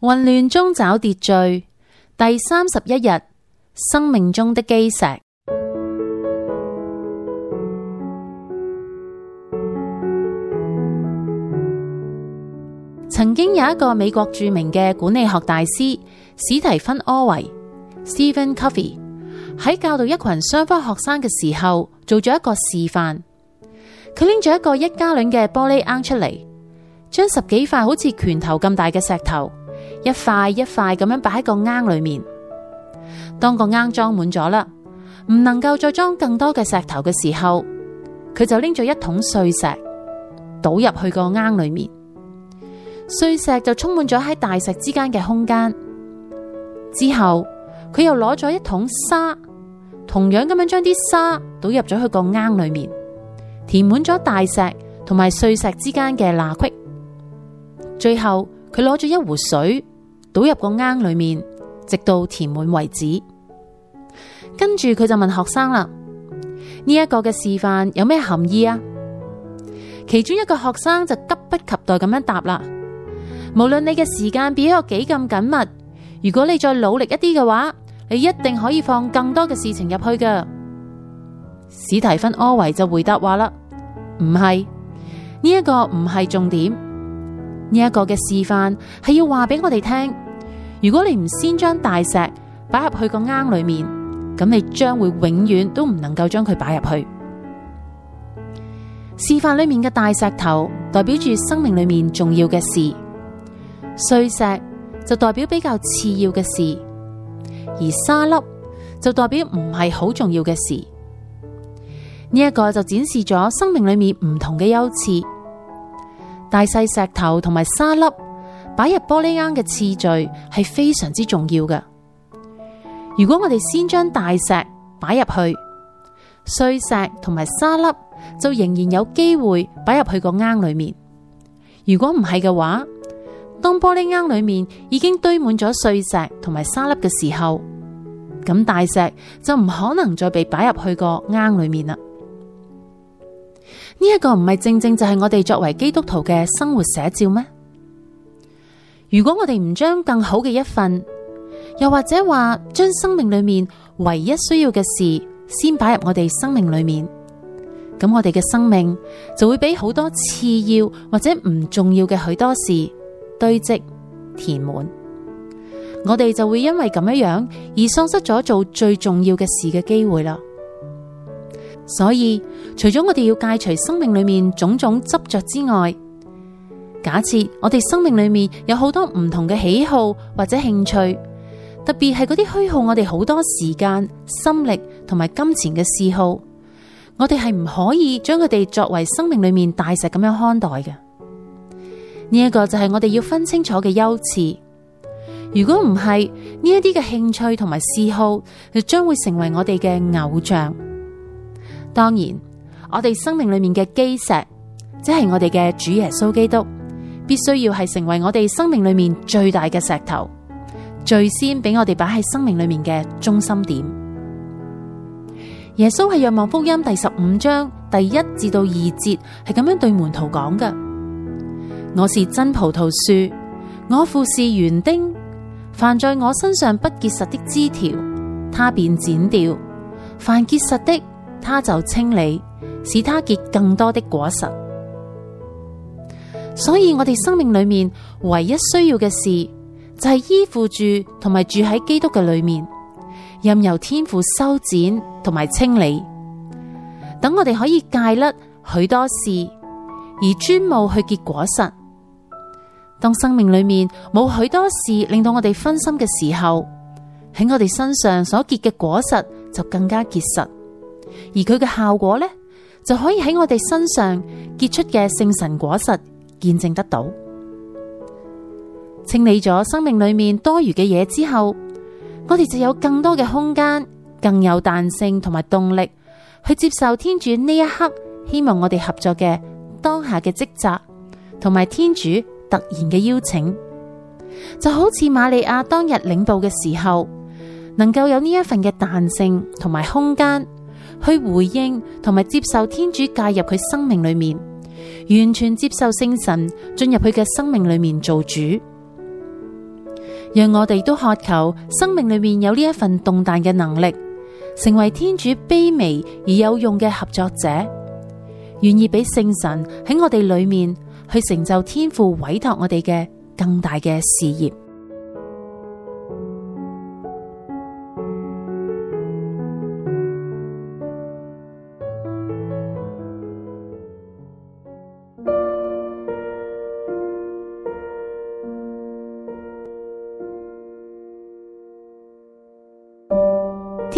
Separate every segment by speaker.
Speaker 1: 混亂中找秩序。第三十一日，生命中的基石。曾經有一個美國著名嘅管理學大師史提芬·柯維 （Stephen c o f f e e 喺教導一群商科學生嘅時候，做咗一個示範。佢拎咗一個一加卵嘅玻璃罌出嚟，將十幾塊好似拳頭咁大嘅石頭。一塊一塊咁樣擺喺個罌裏面，當個罌裝滿咗啦，唔能夠再裝更多嘅石頭嘅時候，佢就拎咗一桶碎石倒入去個罌裏面，碎石就充滿咗喺大石之間嘅空間。之後佢又攞咗一桶沙，同樣咁樣將啲沙倒入咗去個罌裏面，填滿咗大石同埋碎石之間嘅罅隙。最後佢攞咗一壺水，倒入個罌裏面，直到填滿為止。跟住佢就問學生啦：呢一個嘅示範有咩含義啊？其中一個學生就急不及待咁樣答啦：無論你嘅時間表有幾咁緊密，如果你再努力一啲嘅話，你一定可以放更多嘅事情入去㗎。史提芬柯維就回答話啦：唔係，呢一個唔係重點，呢一個嘅示範係要話俾我哋聽。如果你唔先將大石擺入去個罌裏面，咁你將會永遠都唔能夠將佢擺入去。示範裏面嘅大石頭代表住生命裏面重要嘅事，碎石就代表比較次要嘅事，而沙粒就代表唔係好重要嘅事。呢一個就展示咗生命裏面唔同嘅優次，大細石頭同埋沙粒。擺入玻璃罌嘅次序係非常之重要嘅。如果我哋先將大石擺入去，碎石同埋沙粒就仍然有機會擺入去個罌裏面。如果唔係嘅話，當玻璃罌裏面已經堆滿咗碎石同埋沙粒嘅時候，咁大石就唔可能再被擺入去個罌裏面啦。呢、這、一個唔係正正就係我哋作為基督徒嘅生活寫照咩？如果我哋唔將更好嘅一份，又或者話將生命裏面唯一需要嘅事，先擺入我哋生命裏面，咁我哋嘅生命就會俾好多次要或者唔重要嘅許多事堆積填滿，我哋就會因為咁樣而喪失咗做最重要嘅事嘅機會啦。所以，除咗我哋要戒除生命裏面種種執着之外，假設我哋生命裏面有好多唔同嘅喜好或者興趣，特別係嗰啲虛耗我哋好多時間、心力同埋金錢嘅嗜好，我哋係唔可以將佢哋作為生命裏面大石咁樣看待嘅。呢一個就係我哋要分清楚嘅優次。如果唔係，呢一啲嘅興趣同埋嗜好就將會成為我哋嘅偶像。當然，我哋生命裏面嘅基石，即係我哋嘅主耶穌基督，必須要係成為我哋生命裏面最大嘅石頭，最先俾我哋擺喺生命裏面嘅中心點。耶穌係《若望福音》第十五章第一至到二節係咁樣對門徒講嘅：我是真葡萄樹，我父是園丁。凡在我身上不結實的枝條，他便剪掉；凡結實的，他就清理，使他結更多的果實。所以我哋生命裏面唯一需要嘅事就係、是、依附住同埋住喺基督嘅裏面，任由天父修剪同埋清理，等我哋可以戒甩許多事而專務去結果實。當生命裏面冇許多事令到我哋分心嘅時候，喺我哋身上所結嘅果實就更加結實，而佢嘅效果呢，就可以喺我哋身上結出嘅聖神果實見證得到，清理咗生命裏面多餘嘅嘢之後，我哋就有更多嘅空間，更有彈性同埋動力去接受天主呢一刻希望我哋合作嘅當下嘅職責，同埋天主突然嘅邀請，就好似瑪利亞當日領報嘅時候，能夠有呢一份嘅彈性同埋空間去回應同埋接受天主介入佢生命裏面。完全接受聖神進入佢嘅生命裏面做主，讓我哋都渴求生命裏面有呢一份動彈嘅能力，成為天主卑微而有用嘅合作者，願意俾聖神喺我哋裏面去成就天父委託我哋嘅更大嘅事業。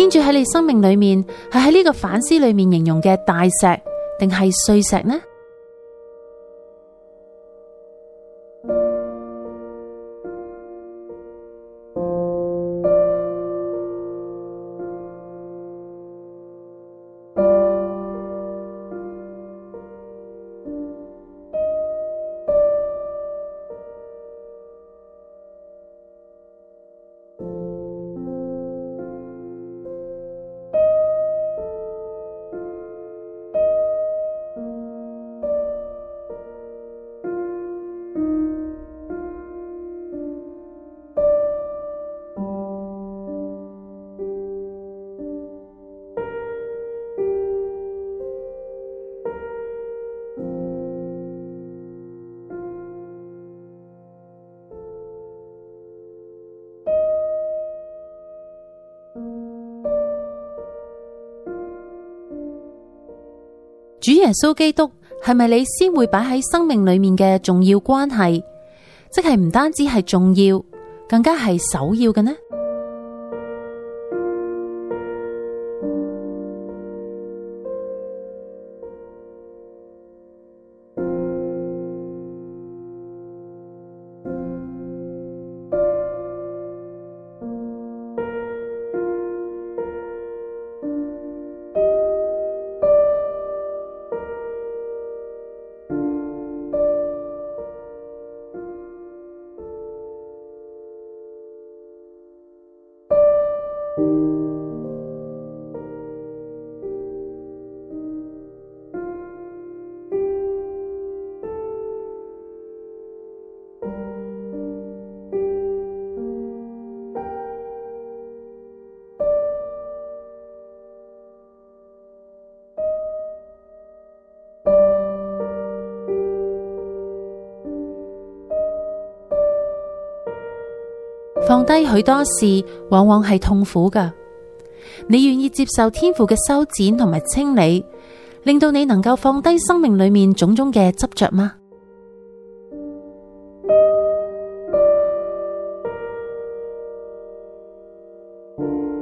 Speaker 1: 天主喺你生命裏面，係喺呢個反思裏面形容嘅大石，定係碎石呢？主耶穌基督係咪你先會擺喺生命裏面嘅重要關係？即係唔單止係重要，更加係首要嘅呢？放低許多事，往往係痛苦㗎。你願意接受天父嘅修剪同埋清理，令到你能夠放低生命裏面種種嘅執着嗎？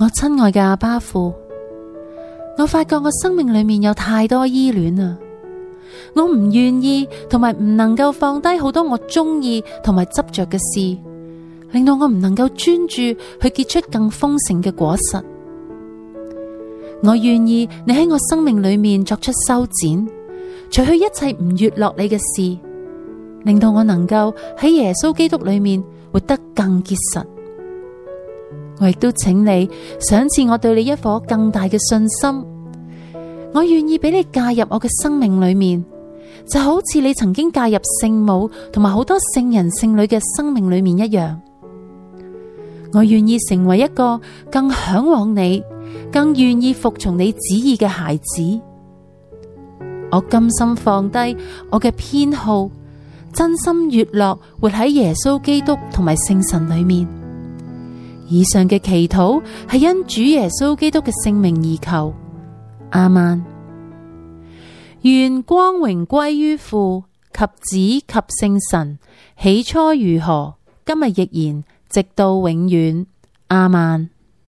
Speaker 1: 我親愛嘅阿爸父，我發覺我生命裏面有太多依戀啊！我唔願意同埋唔能夠放低好多我中意同埋執着嘅事，令到我唔能夠專注去結出更豐盛嘅果實。我願意你喺我生命裏面作出修剪，除去一切唔悅樂你嘅事，令到我能夠喺耶穌基督裏面活得更結實。我亦都請你賞賜我對你一顆更大嘅信心，我願意俾你介入我嘅生命裏面，就好似你曾經介入聖母同埋好多聖人聖女嘅生命裏面一樣。我願意成為一個更嚮往你、更願意服從你旨意嘅孩子。我甘心放低我嘅偏好，真心悅樂樂活喺耶穌基督同埋聖神裏面。以上嘅祈禱係因主耶穌基督嘅聖名而求，亞孟。願光榮歸於父及子及聖神，起初如何，今日亦然，直到永遠，亞孟。